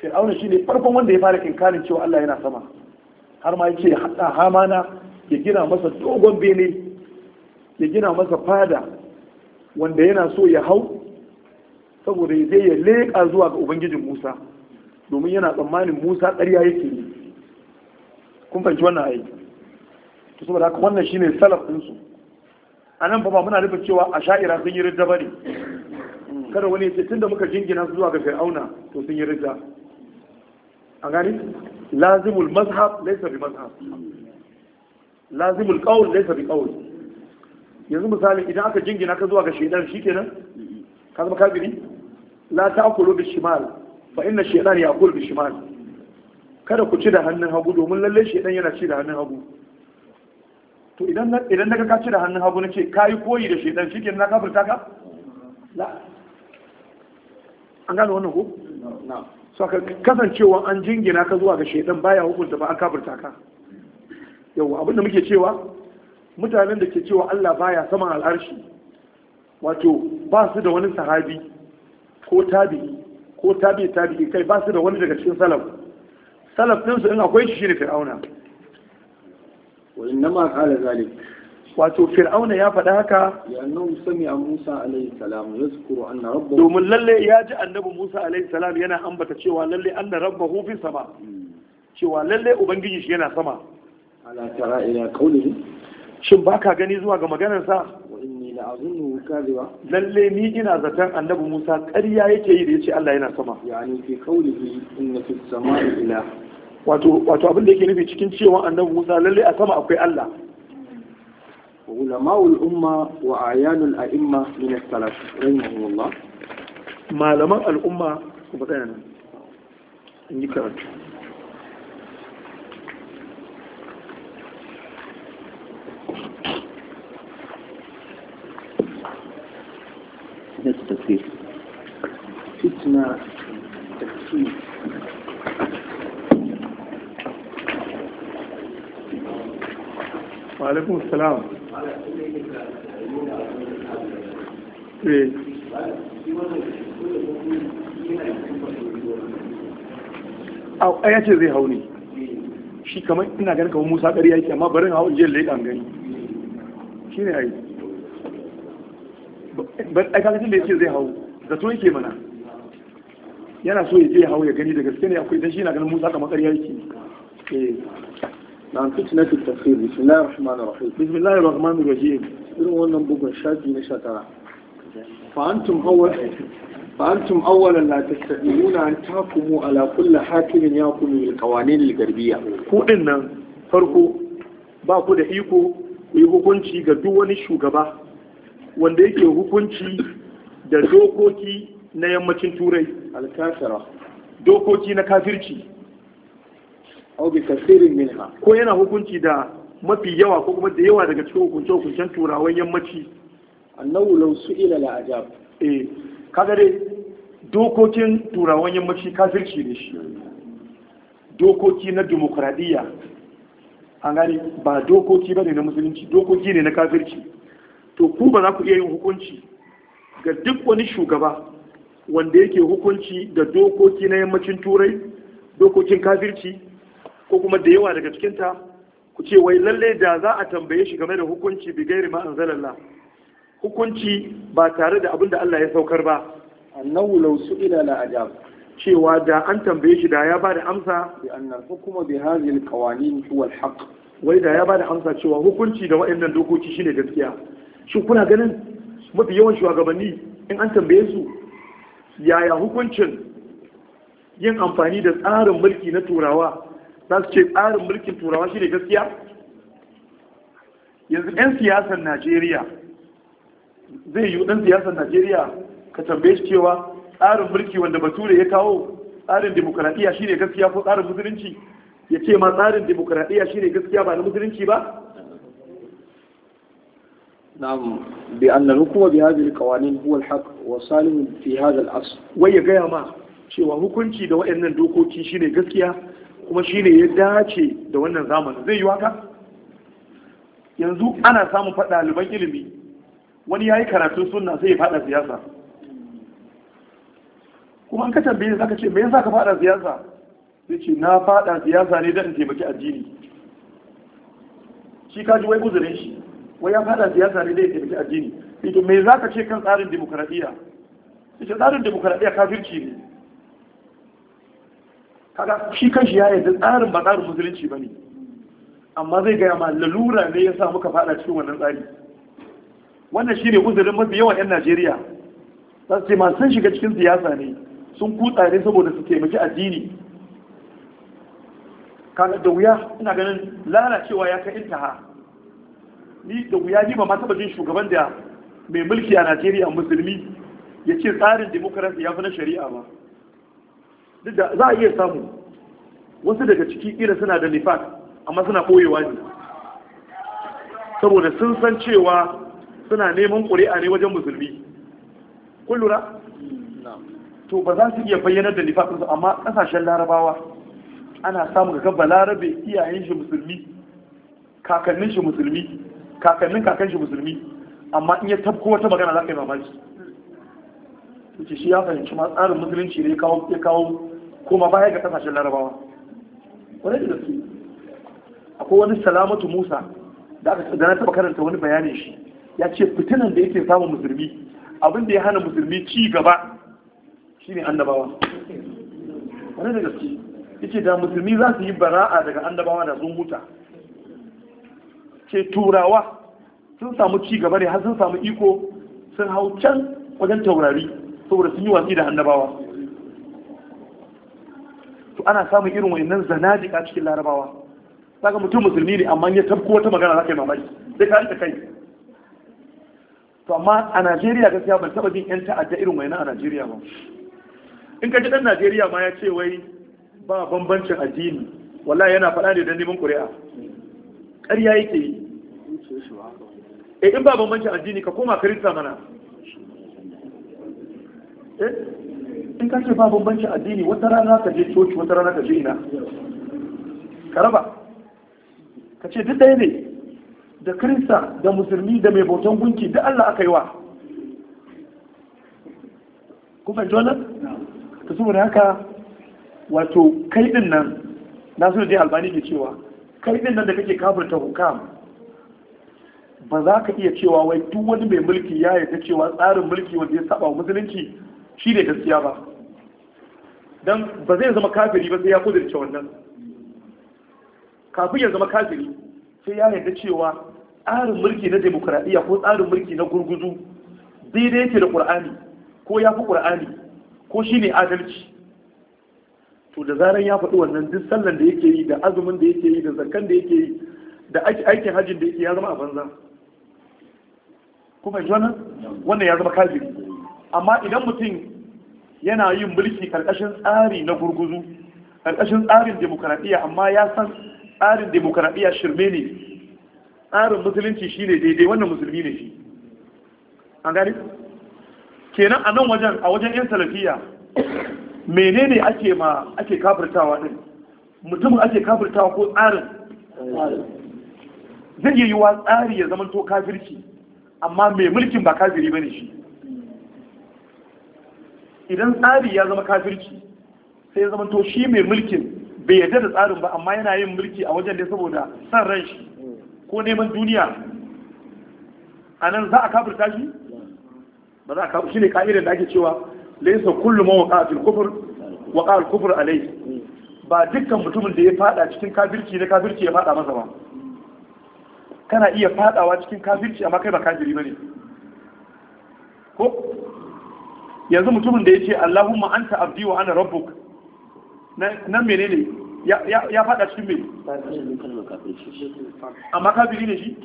fir'auna shine farkon wanda ya fara inkarin cewa Allah yana sama har ma yace hatta hamana ya gina masa dogon bene ya gina masa fada wanda yana so ya hau saboda zai ya leƙa zuwa ga ubangijin Musa domin yana tsammanin Musa ƙarya yake yi kun fahimci wannan ayi to saboda haka wannan shine salaf din su anan fa ba muna nufin cewa a sha'ira sun yi ridda bane kada wani ya ce tunda muka jingina su zuwa ga fir'auna to sun yi ridda a gani lazimul mazhab laysa bi mazhab lazimul qawl laysa bi qawl yanzu misali idan aka jingina ka zuwa ga shaidan shikenan ka zama kafiri la ta'kulu bi shimal fa inna shaydan ya'kulu bi shimal kada ku ci da hannun hagu domin lalle shi dan yana ci da hannun hagu to idan na idan naga ka ci da hannun hagu nace kai koyi da shedan kenan na kafirta ka la an gano wannan ko na'am so ka kasancewa an jingina ka zuwa ga shedan baya hukunta ba an kafirta ka yawa abinda muke cewa mutanen da ke cewa Allah baya saman al'arshi wato ba su da wani sahabi ko tabi'i ko tabi'i tabi'i kai ba su da wani daga cikin salaf salaf din su in akwai shi ne fir'auna wa innama qala zalik wato fir'auna ya faɗa haka yannan sami a musa alaihi salam ya zukuru anna rabbahu domin lalle ya ji annabi musa alaihi salam yana ambata cewa lalle anna rabbahu fi sama hmm. cewa lalle ubangiji shi yana sama ala tara ila qawlihi shin baka gani zuwa ga maganar sa wa inni la azunnu kadhiba lalle ni ina zaton annabi musa ƙarya yake yi da yace Allah yana sama yani fi qawlihi na fi samai ila. wato abin da yake nufi cikin cewa annabi Musa lalle a sama akwai Allah ulama'ul umma wa ayanul a'imma min as-salaf rahimahullah malaman al'umma ku ba tsaya nan in yi karatu Fitna that's wa salam eh. a ya ce zai hau ne shi kamar ina ganin kamar musa ƙari yake amma barin hau jiyar leƙan gani shi ne ai aikakacin da ce zai hau zato yake mana yana so ya je hau ya gani da gaske ne akwai don shi na ganin musa kamar ƙari yake eh. nan fitna fi tafsir bismillahir rahmanir rahim bismillahir rahmanir rahim irin wannan bugun shaji na shatara fa antum awwal fa antum awwal la tastahiluna an takumu ala kulli hakimin yakumu bil qawanin nan farko ba ku da iko ku hukunci ga duk wani shugaba wanda yake hukunci da dokoki na yammacin turai dokoki na kafirci aw bi kasirin minha ko yana hukunci da mafi yawa ko kuma da yawa daga cikin hukunce hukuncen turawan yammaci annahu law su'ila la ajab eh kaga dai dokokin turawan yammaci kafirci ne shi dokoki na demokradiya an gani ba dokoki ba ne na musulunci dokoki ne na kafirci to ku ba za ku iya yin hukunci ga duk wani shugaba wanda yake hukunci da dokoki na yammacin turai dokokin kafirci ko kuma da yawa daga cikinta ku ce wai lalle da za a tambaye shi game da hukunci bi gairi ma anzalalla hukunci ba tare da abin da Allah ya saukar ba annahu law su'ila la ajab cewa da an tambaye shi da ya bada amsa bi annal hukuma bi hadhihi qawanin huwa haqq wai da ya bada amsa cewa hukunci da waɗannan dokoki shine gaskiya shin kuna ganin mafi yawan shugabanni in an tambaye su yaya hukuncin yin amfani da tsarin mulki na turawa za su ce tsarin mulkin turawa shi ne gaskiya yanzu 'yan siyasar najeriya zai yi ɗan siyasar najeriya ka tambaye shi cewa tsarin mulki wanda bature ya kawo tsarin demokuraɗiyya shi ne gaskiya ko tsarin musulunci ya ce ma tsarin demokuraɗiyya shi ne gaskiya ba na musulunci ba نعم بأن الحكم بهذه القوانين هو الحق وسالم في هذا الأصل ويا جاي ما شيء وحكمتي دواء إن الدوكوتي شيء gaskiya kuma shi ne ya dace da wannan zamani. zai yi waka yanzu ana samun faɗa ɗaliban ilimi wani ya yi karatun sunna sai ya faɗa siyasa kuma an ka tambaye za ka ce me yasa ka faɗa siyasa zai ce na faɗa siyasa ne don in taimaki addini shi ka ji wai guzurin shi wai ya faɗa siyasa ne don taimaki addini ito me za ka ce kan tsarin demokaradiyya ita tsarin demokaradiyya kafirci ne kaga shi kanshi ya yarda tsarin ba tsarin musulunci ba ne amma zai gaya ma lalura ne ya sa muka fada cikin wannan tsari wannan shine uzurin mafi yawan 'yan najeriya za su ce ma sun shiga cikin siyasa ne sun kutsa ne saboda su taimaki addini kaga da wuya ina ganin lalacewa ya kai intaha ni da wuya ni ba ma taba jin shugaban da mai mulki a najeriya musulmi ya ce tsarin demokarasi ya fi na shari'a ba duk da za a iya samu wasu daga ciki irin suna da nifas amma suna ɓoyewa ne saboda sun san cewa suna neman ƙuri'a ne wajen musulmi kun lura to ba za su iya bayyanar da nifafinsu amma ƙasashen larabawa ana samun ga balarabe iyayen shi musulmi kakannin shi musulmi kakannin kakan shi musulmi amma in ya tabko wata magana za ka yi mamaki shi ya fahimci ma tsarin musulunci ne ya kawo kuma baya ga kasashen larabawa wani da gaske akwai wani salamatu musa da aka na taba karanta wani bayanin shi ya ce fitinan da yake samun musulmi abin da ya hana musulmi ci gaba shine annabawa wani da gaske ce da musulmi za su yi bara'a daga annabawa da sun huta ce turawa sun samu ci gaba ne har sun samu iko sun hau can wajen taurari saboda sun yi watsi da annabawa ana samun irin zana zanadika cikin larabawa saka mutum musulmi ne amma ya tabko wata magana zaka yi mamaki sai ka rika kai to amma a Najeriya gaskiya ban taba jin yan ta'adda irin wayannan a Najeriya ba in ka ji dan Najeriya ma ya ce wai ba bambancin addini wallahi yana faɗa ne don neman ƙuri'a ƙarya yake yi eh in ba bambancin addini ka koma kirista mana eh in ka ce ba bambancin addini wata rana ka je coci wata rana ka je ina ka raba ka ce duk ɗaya ne da kirista da musulmi da mai bautan gunki duk Allah aka yi wa kuma fahimci wannan ta saboda haka wato kai din nan nasiru dai albani ke cewa kai din nan da kake kafirta hukam ba za ka iya cewa wai duk wani mai mulki ya yarda cewa tsarin mulki wanda ya saba wa musulunci shi ne gaskiya ba dan ba zai zama kafiri ba sai ya kudirce wannan kafin ya zama kafiri sai ya yarda cewa tsarin mulki na demokradiyya ko tsarin mulki na gurguzu daidai yake da qur'ani ko ya fi qur'ani ko shine adalci to da zaran ya faɗi wannan duk sallan da yake yi da azumin da yake yi da zakkan da yake yi da aikin hajjin da yake ya zama a banza kuma jona wannan ya zama kafiri amma idan mutum yana yin mulki karkashin tsari na gurguzu karkashin tsarin demokradiyya amma ya san tsarin demokradiyya shirme ne tsarin musulunci shine daidai wannan musulmi ne shi an gani kenan a nan wajen a wajen yan salafiya menene ake ma ake kafirtawa din mutum ake kafirtawa ko tsarin zai yi wa tsari ya zama to kafirci amma mai mulkin ba kafiri bane shi idan tsari ya zama kafirci sai ya zama to shi mai mulkin bai yarda da tsarin ba amma yana yin mulki a wajen da saboda san ran shi ko neman duniya a nan za a kafirta shi ba za a kafirta shi ne ka'idar da ake cewa laisa kullum waka kufur fil kufr ba dukkan mutumin da ya fada cikin kafirci na kafirci ya fada masa ba kana iya fadawa cikin kafirci amma kai ba kafiri bane ko yanzu mutumin da ya ce Allahumma anta abdi wa ana rabbuk nan menene ya fada cikin mai amma kafiri ne shi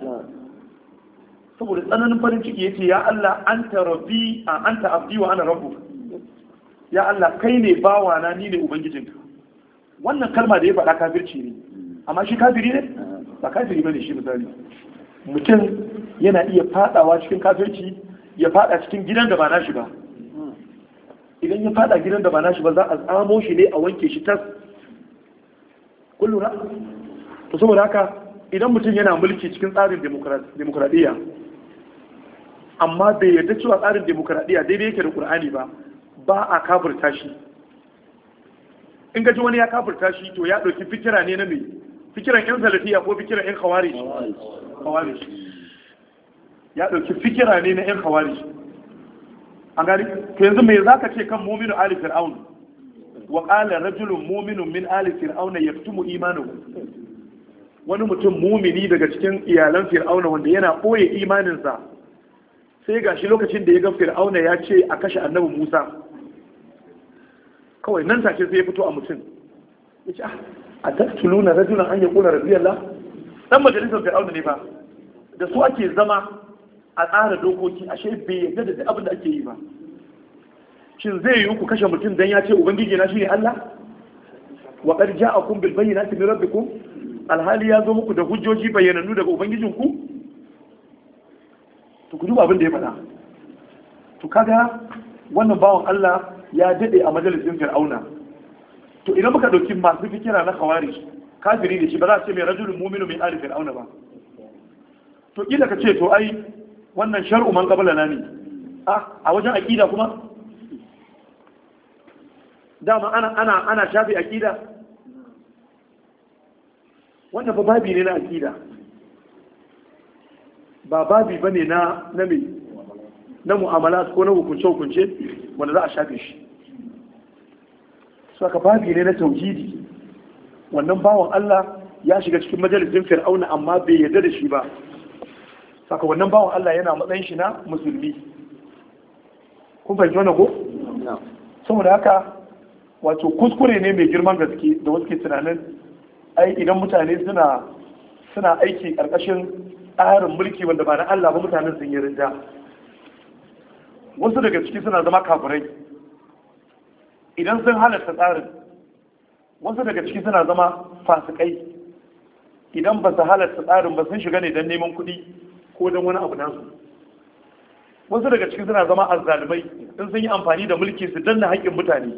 saboda tsananin farin ciki ya ce, ya Allah anta rabbi a anta abdi wa ana rabbuk ya Allah kai ne bawa na ni ne ubangijinka wannan kalma da ya faɗa kafirci ne amma shi kafiri ne ba kafiri bane shi misali mutum yana iya fadawa cikin kafirci ya fada cikin gidan da ba nashi ba idan ya fada gidan da ba nashi ba za a tsamo shi ne a wanke shi tas kullum to saboda haka idan mutum yana mulki cikin tsarin demokradiyya amma bai yarda cewa tsarin demokradiyya daidai yake da qur'ani ba ba a kafirta shi in ga ji wani ya kafirta shi to ya ɗauki fikira ne na mai fikiran yan salafiya ko fikiran yan khawarij khawarij ya ɗauki fikira ne na yan khawarij an gari to yanzu me zaka ce kan mu'minu ali fir'aun wa qala rajulun mu'minun min ali fir'aun yaktumu imanuhu wani mutum mumini daga cikin iyalan fir'aun wanda yana boye imaninsa sai gashi lokacin da ya ga fir'aun ya ce a kashe annabi Musa kawai nan take sai ya fito a mutum yace ce a ah, tattuluna rajulan an yaqula rabbiyallah dan majalisar fir'aun ne ba da su ake zama a tsara dokoki ashe bai yarda da abin da ake yi ba shin zai yi ku kashe mutum dan ya ce ubangiji na shine Allah wa qad ja'akum bil bayyinati min rabbikum alhali ya zo muku da hujjoji bayyanannu daga ubangijinku to ku duba abin da ya faɗa to kaga wannan bawan Allah ya daɗe a majalisin Fir'auna to idan muka dauki masu fikira na khawarij kafiri ne shi ba za a ce mai rajulun mu'minu mai ali fir'auna ba to kila ka ce to ai wannan shar'u man qabla na ne a wajen aqida kuma dama ana ana ana shafi aqida wannan ba babi ne na aqida ba babi ba ne na mai na mu'amalat ko na hukunce hukunce wanda za a shafe shi saka babi ne na tauhidi wannan bawan Allah ya shiga cikin majalisin Fir'auna amma bai yarda da shi ba saka wannan bawan Allah yana matsayin shi na musulmi kun fahimci wannan ko saboda haka wato kuskure ne mai girman gaske da wasu ke tunanin ai idan mutane suna suna aiki karkashin tsarin mulki wanda ba na Allah ba mutanen sun yi rinda wasu daga ciki suna zama kafirai idan sun halarta tsarin wasu daga ciki suna zama fasikai idan ba su halarta tsarin ba sun shiga ne don neman kuɗi ko don wani abu nasu wasu daga cikin suna zama azzalumai in sun yi amfani da mulki su danna haƙƙin mutane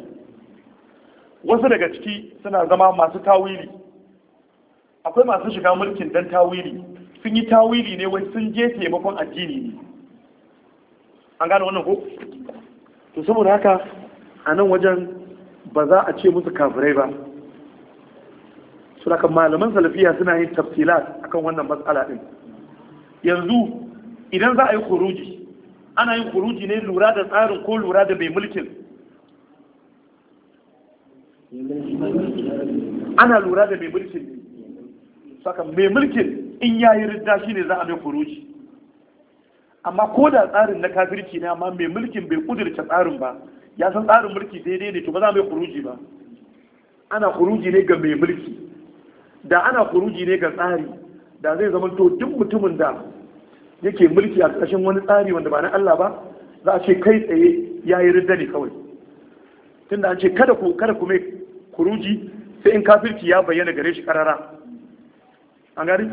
wasu daga ciki suna zama masu tawili akwai masu shiga mulkin don tawili sun yi tawili ne wai sun je taimakon addini ne an gane wannan ko to saboda haka a nan wajen ba za a ce musu kafirai ba su malaman salafiya suna yin tafsilat akan wannan matsala din yanzu idan za a yi kuruji ana yin kuruji ne lura da tsarin ko lura da bai mulkin ana lura da mai mulkin saka mai mulkin in ya yi ridda shi ne za a mai kuruji amma ko da tsarin na kafirci ne amma mai mulkin bai kudurce tsarin ba ya san tsarin mulki daidai ne to ba za a mai kuruji ba ana kuruji ne ga mai mulki da ana kuruji ne ga tsari da zai zama to duk mutumin da yake mulki a ƙarshen wani tsari wanda ba na Allah ba za a ce kai tsaye ya yi ridda ne kawai tunda an ce kada ku kada ku mai kuruji sai in kafirci ya bayyana gare shi karara an gari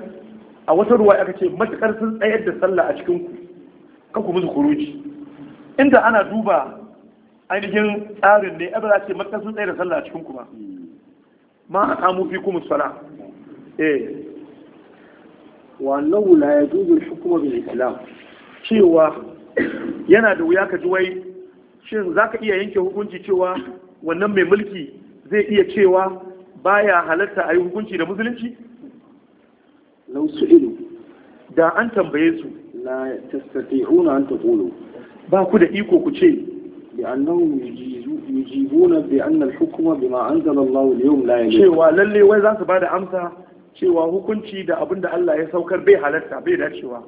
a wata ruwa aka ce matukar sun tsayar da sallah a cikin ku kan ku musu kuruji inda ana duba ainihin tsarin ne a ce matukar sun tsayar da sallah a cikin ku ba ma a samu fi kuma sala eh wa annahu la yajuzu al-hukmu bil islam cewa yana da wuya ka ji wai shin za ka iya yanke hukunci cewa wannan mai mulki zai iya cewa baya halatta a yi hukunci da musulunci su su'ilu da an tambaye su la tastati'una an taqulu ba ku da iko ku ce bi annahu yujibuna bi anna al-hukma bima anzala Allah al-yawm la yajuzu cewa lalle wai za su bada amsa cewa hukunci da abin da Allah ya saukar bai halarta bai dacewa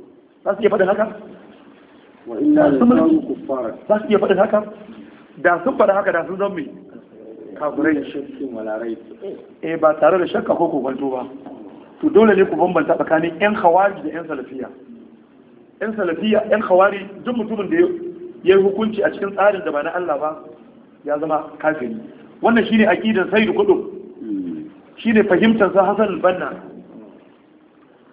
za su iya faɗin haka za su iya faɗin haka da sun faɗin haka da sun zan mai kafirai eh ba tare da shakka ko kubanto ba to dole ne ku bambanta tsakanin yan khawari da yan salafiya yan salafiya yan khawari duk mutumin da ya yi hukunci a cikin tsarin da ba na Allah ba ya zama kafiri wannan shine aqidar sayyid kudu ne fahimtar sa hasan al-Banna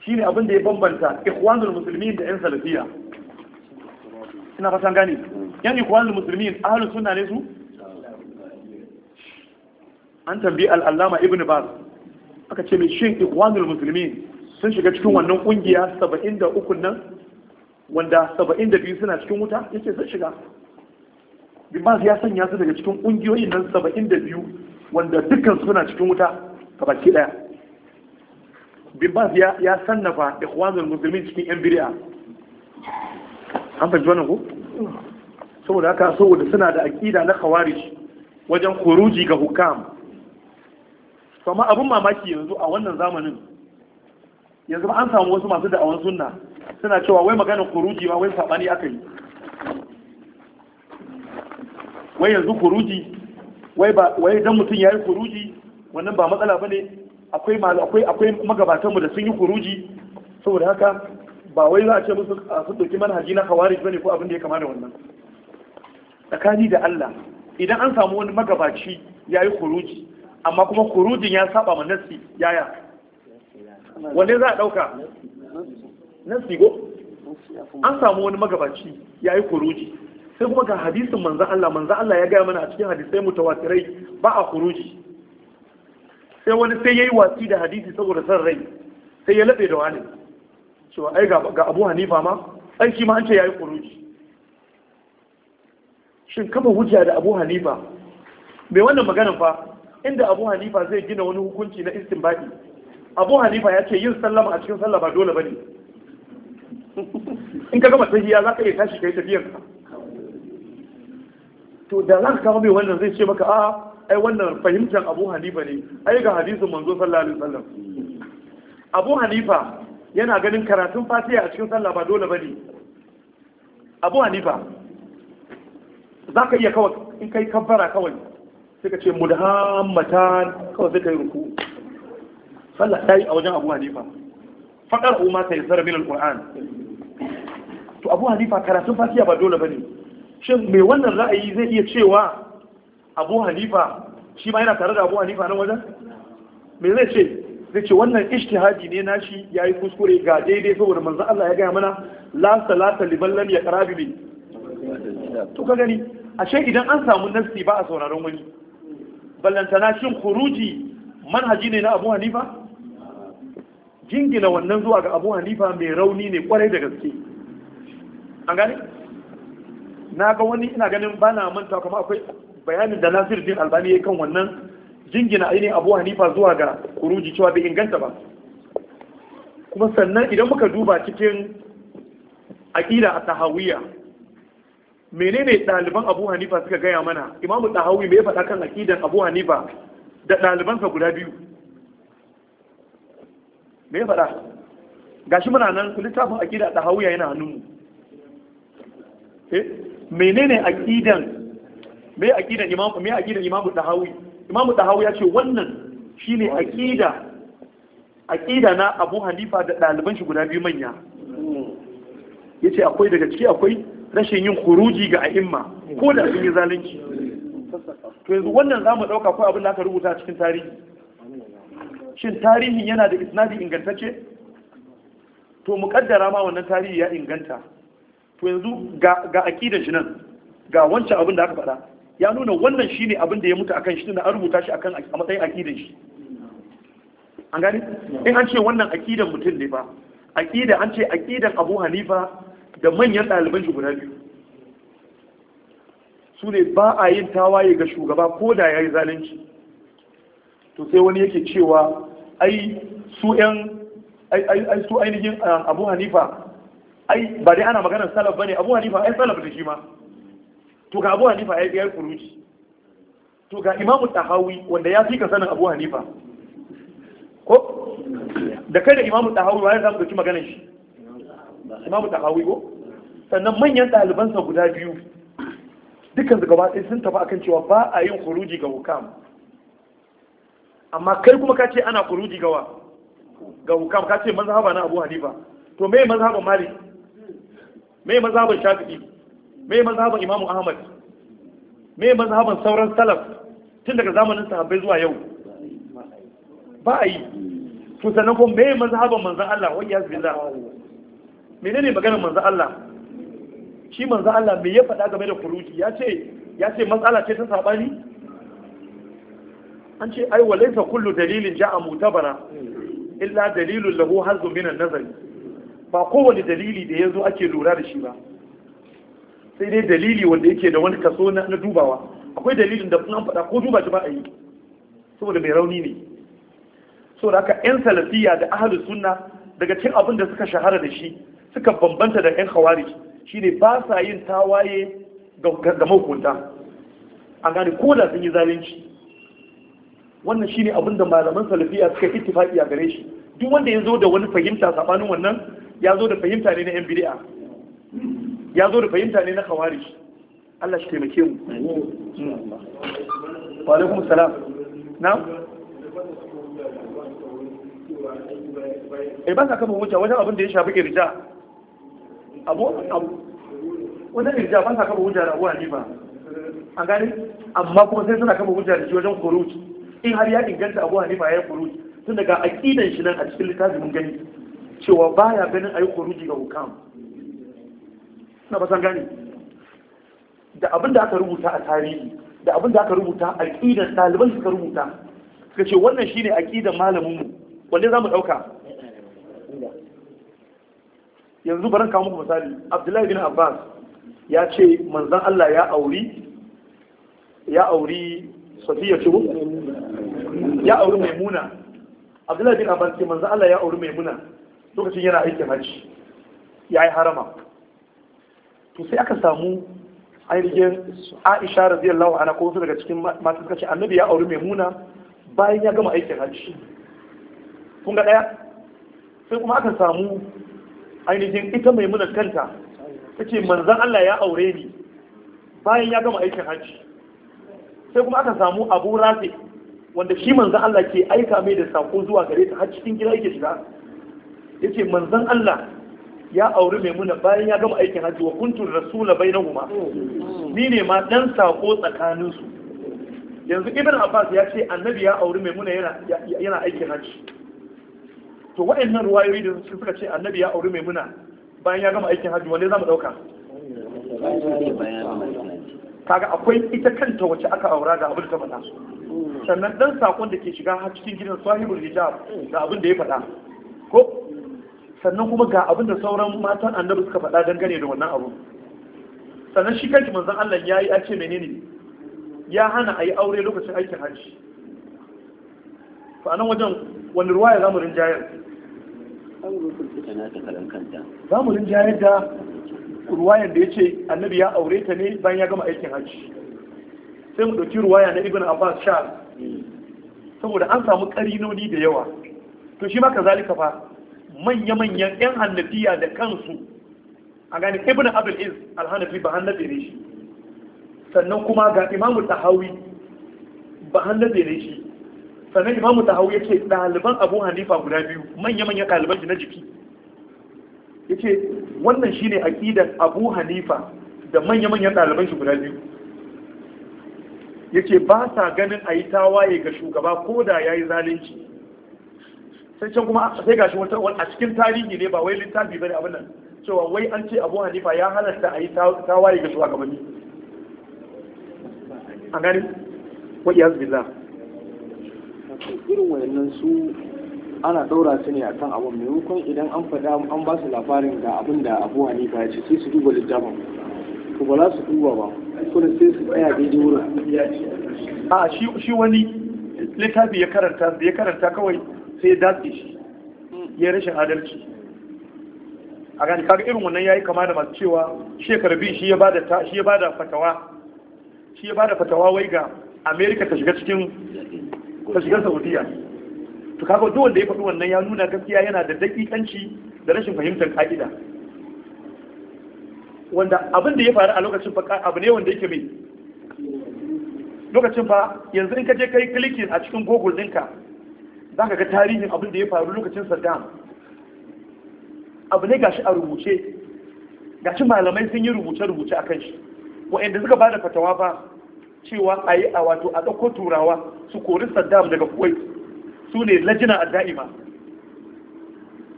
shine abin da ya bambanta ikhwanul muslimin da yan salafiya ina fatan gane yan ikhwanul muslimin ahlus sunna ne su an tambayi al-allama ibnu baz aka ce mai shin ikhwanul muslimin sun shiga cikin wannan kungiya 73 nan wanda 72 suna cikin wuta yace sun shiga bin ya sanya su daga cikin kungiyoyin nan 72 wanda dukkan suna cikin wuta baki daya bin bas ya sannafa da kwanzan musulmi cikin yan bid'a an fahimci wannan ku saboda haka saboda suna da aƙida na khawarij wajen kuruji ga hukam kuma abin mamaki yanzu a wannan zamanin yanzu an samu wasu masu da'awan sunna suna cewa wai maganin kuruji ma wai sabani aka yi wai yanzu kuruji wai dan mutum yi kuruji wannan ba matsala ba ne akwai akwai akwai magabatanmu da sun yi kuruji saboda haka ba wai za a ce musu sun ɗauki manhaji na khawarij bane ko abin da ya kama da wannan tsakani da Allah idan an samu wani magabaci ya yi kuruji amma kuma kurujin ya saba ma nassi yaya wanne za a ɗauka nassi go an samu wani magabaci ya yi kuruji sai kuma ga hadisin manzan Allah manzan Allah ya gaya mana a cikin hadisai mutawatirai ba a kuruji sai wani sai ya yi watsi da hadisi saboda son rai sai ya laɓe da wani cewa ai ga abu hanifa ma ai shi ma an ce ya yi kuruji shin kama hujja da abu hanifa mai wannan maganin fa inda abu hanifa zai gina wani hukunci na istinbadi abu hanifa ya ce yin sallama a cikin sallah ba dole ba ne in ka gama tahiya za ka iya tashi ka yi tafiyarka to da za ka kama mai wannan zai ce maka a ai wannan fahimtar abu hanifa ne ai ga hadisin manzo sallallahu alaihi wasallam abu hanifa yana ganin karatun fatiha a cikin sallah ba dole bane abu hanifa za ka iya kawai in kai kabbara kawai sai ka ce mudhammatan kawai sai ka yi ruku sallah dai a wajen abu hanifa faɗar umma sai yi zara min alquran to abu hanifa karatun fatiha ba dole bane shin me wannan ra'ayi zai iya cewa abu hanifa shi ma yana tare da abu hanifa nan wajen me zai ce zai ce wannan ishtihadi ne na shi ya yi kuskure ga daidai saboda manzan Allah ya gaya mana lasa lasa liman lam karabi ne.' to ka gani ashe idan an samu nasti ba a sauraron wani ballantana shin kuruji manhaji ne na abu hanifa jingina wannan zuwa ga abu hanifa mai rauni ne kwarai da gaske an gani na ga wani ina ganin bana manta kuma akwai bayanin da Nasir din Albani yi kan wannan jingina ainihin Abu Hanifa zuwa ga kuruji cewa bai inganta ba kuma sannan idan muka duba cikin aƙida a tahawiyya menene ɗaliban Abu Hanifa suka gaya mana imamu Tahawi mai faɗa kan aƙidan Abu Hanifa da ɗalibansa guda biyu bai faɗa gashi muna nan littafin aƙida a tahawiyya yana hannunmu eh, menene aƙidan? me aqida imam me aqida imam dahawi imam dahawi ya ce wannan shine aqida aqida na Abu Hanifa da daliban shi guda biyu manya yace akwai daga ciki akwai rashin yin khuruji ga a'imma ko da sun yi zalunci to yanzu wannan zamu dauka ko abin da aka rubuta cikin tarihi shin tarihin yana da isnadi ingantacce to muƙaddara ma wannan tarihi ya inganta to yanzu ga aƙidan shi nan ga wancan abin da aka faɗa ya nuna wannan shine abin da ya mutu akan shi tunda an rubuta shi akan a matsayin akidan shi an gani in an ce wannan akidan mutum ne ba akida an ce akidan Abu Hanifa da manyan ɗaliban shi guda biyu su ne ba a yin tawaye ga shugaba ko da ya yi zalunci to sai wani yake cewa ai su ainihin ah, Abu Hanifa ba dai ana maganar salaf bane Abu Hanifa ai salaf da shi ma to ga abu hanifa ya yi kuruci to ga imamu tahawi wanda ya fi ka sanin abu hanifa ko da kai da imamu tahawi ba ya samu dauki maganar shi imamu tahawi ko sannan manyan ɗalibansa guda biyu dukkan gaba ɗaya sun tafi akan cewa ba a yin kuruji ga hukam amma kai kuma ka ce ana kuruji ga wa ga hukam ka ce mazhaba na abu hanifa to me mazhaban malik me mazhaban shafi'i me mazhaban imamu ahmad me mazhaban sauran salaf tun daga zamanin sahabbai zuwa yau ba a yi to sannan ko me mazhaban manzan Allah wani ya zubin menene maganar manzan Allah shi manzan Allah me ya faɗa game da kuruji ya ce ya ce matsala ce ta saɓani an ce ai walaisa kullu dalilin ja'a mutabara illa dalilun lahu hazu minan nazari ba kowane dalili da yanzu ake lura da shi ba sai dai dalili wanda yake da wani kaso na dubawa akwai dalilin da an faɗa ko duba shi ba a yi saboda mai rauni ne saboda aka 'yan salafiya da ahalus sunna daga cin abin da suka shahara da shi suka bambanta da 'yan hawari shine ba sa yin tawaye ga mahukunta a gane ko da sun yi zalunci wannan shine abin da malaman salafiya suka ittifaqi a gare shi duk wanda ya zo da wani fahimta sabanin wannan ya zo da fahimta ne na 'yan bid'a ya zo da fahimta ne na kawari Allah shi taimake mu wa alaikum salam na eh ba ka kama wuce wajen abin da ya shafi irja abu abu wajen irja ba ka kama wuce da abuwa ba an gani amma kuma sai suna kama wuce da shi wajen kuruci in har ya inganta abu ba ya kuruci tun daga aqidan shi nan a cikin littafin gani cewa baya ganin a yi kuruci ga hukam na basan gani da abin da aka rubuta a tarihi da abin da aka rubuta a ƙidan ɗaliban suka rubuta suka ce wannan shine a ƙidan malaminmu wanda za mu ɗauka yanzu baran kawo muku misali abdullahi bin abbas ya ce manzan allah ya auri ya auri safiya ce ya auri maimuna abdullahi bin abbas ce manzan allah ya auri maimuna lokacin yana aikin hajji ya yi harama to sai aka samu ainihin aisha radiyallahu anha ko wasu daga cikin mata ce annabi ya auri maimuna bayan ya gama aikin hajji kun ga daya sai kuma aka samu ainihin ita muna kanta ce manzan Allah ya aure ni bayan ya gama aikin hajji sai kuma aka samu abu rafi wanda shi manzan Allah ke aika mai da sako zuwa gare ta har cikin gida yake shiga ce manzan Allah ya auri maimuna bayan ya gama aikin hajji wa kuntun rasula huma ni ne ma dan sako tsakanin su yanzu ibn abbas ya ce annabi ya auri maimuna yana aikin hajji to waɗannan ruwayoyi da suka ce annabi ya auri maimuna bayan ya gama aikin hajji wanda zamu ɗauka? kaga akwai ita kanta wacce aka aura ga abin da ta faɗa sannan ɗan sakon da ke shiga cikin gidan sahibul hijab da abin da ya faɗa ko sannan kuma ga abin da sauran matan annabi suka faɗa dangane da wannan abu sannan shi kanki manzon Allah ya yi ce menene ya hana a yi aure lokacin aikin hajji fa nan wajen wani ruwaya za mu rinjayar za mu rinjayar da ruwayan da ya ce annabi ya aure ta ne bayan ya gama aikin hajji sai mu ɗauki ruwaya na ibn abbas sha hmm. saboda an samu ƙarinoni da yawa to shi ma kazalika fa manya-manyan 'yan hannafiya da kansu a gani ibn abul iz alhannafi ba hannafi ne shi sannan kuma ga imamu tahawi ba hannafi ne shi sannan imamu tahawi yake ɗaliban abu hanifa guda biyu manya-manyan ɗaliban shi na jiki yake wannan shine aqidan abu hanifa da manya-manyan ɗaliban shi guda biyu yake ba sa ganin a yi tawaye ga shugaba ko da ya yi zalunci sai can kuma sai gashi wata a cikin tarihi ne ba wai littafi bane abin nan cewa wai an ce Abu Hanifa ya halarta a yi tawaye ga shugabanni a gani wa iyaz billah irin wayannan su ana daura su ne akan mai maimakon idan an faɗa an ba su labarin ga abin da Abu Hanifa ya ce sai su duba littafin to ba za su duba ba kuma sai su tsaya daidai wurin a shi wani littafi ya karanta ya karanta kawai sai ya datse shi ya rashin adalci a gani kaga irin wannan yayi kama da masu cewa shekaru biyu shi ya bada ta shi ya bada fatawa shi ya bada fatawa wai ga America ta shiga cikin ta shiga Saudiya to kaga duk wanda ya faɗi wannan ya nuna gaskiya yana da dakikanci da rashin fahimtar ka'ida wanda abin da ya faru a lokacin fa abu ne wanda yake mai lokacin fa yanzu in ka je kai clicking a cikin Google ɗinka za ka ga tarihin abin da ya faru lokacin saddam abu ne gashi a rubuce gashi malamai sun yi rubuce-rubuce a kan shi wa'anda suka bada fatawa ba cewa a yi a wato a ɗauko turawa su kori saddam daga kuwai su ne lajina a da'ima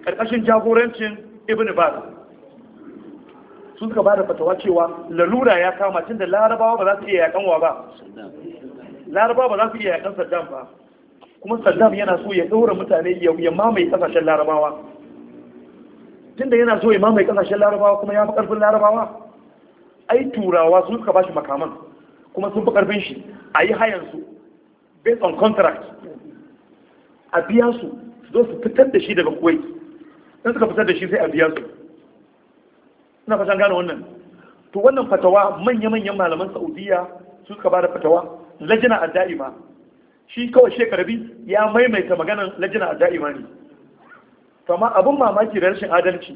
ƙarƙashin jagorancin ibn baz sun suka bada fatawa cewa lalura ya kama tun da larabawa ba za su iya yaƙan wa ba larabawa ba za su iya yakan saddam ba kuma saddam yana so ya ɗora mutane ya mamaye ƙasashen larabawa tunda yana so ya mamaye ƙasashen larabawa kuma ya fi larabawa ai turawa sun suka bashi makaman kuma sun fi ƙarfin shi a yi hayansu based on contract a biya su don su fitar da shi daga kuwait in suka fitar da shi sai a biya su ina fatan gane wannan to wannan fatawa manya-manyan malaman sa'udiyya, su suka ba da fatawa lajina a da'ima shi kawai shekarabi ya maimaita maganan lajina a da'ima ne to abin mamaki da rashin adalci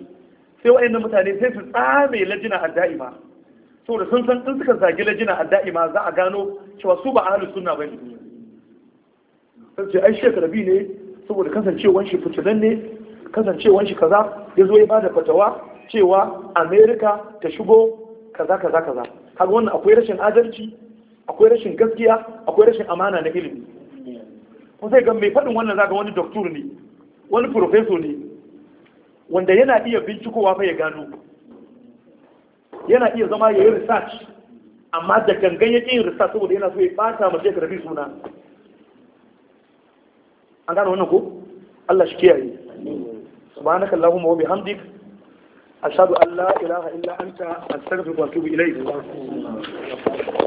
sai wa'annan mutane sai su tsame lajina a da'ima saboda sun san in suka zagi lajina a da'ima za a gano cewa su ba ahlus sunna ba ne sai ce ai shekarabi ne saboda kasancewar shi fitinan ne kasancewar shi kaza ya zo ya bada fatawa cewa america ta shigo kaza kaza kaza kaga wannan akwai rashin adalci akwai rashin gaskiya akwai rashin amana na ilimi Ku sai ga mai faɗin wannan zaga wani doktor ne wani professor ne wanda yana iya bincikowa fa ya gano yana iya zama ya yi research amma da gangan ya yin research saboda yana so ya ɓata mace rabi suna an gano wannan ko Allah shi kiyaye subhanaka allahumma wa bihamdik ashhadu an la ilaha illa anta astaghfiruka wa atubu ilayk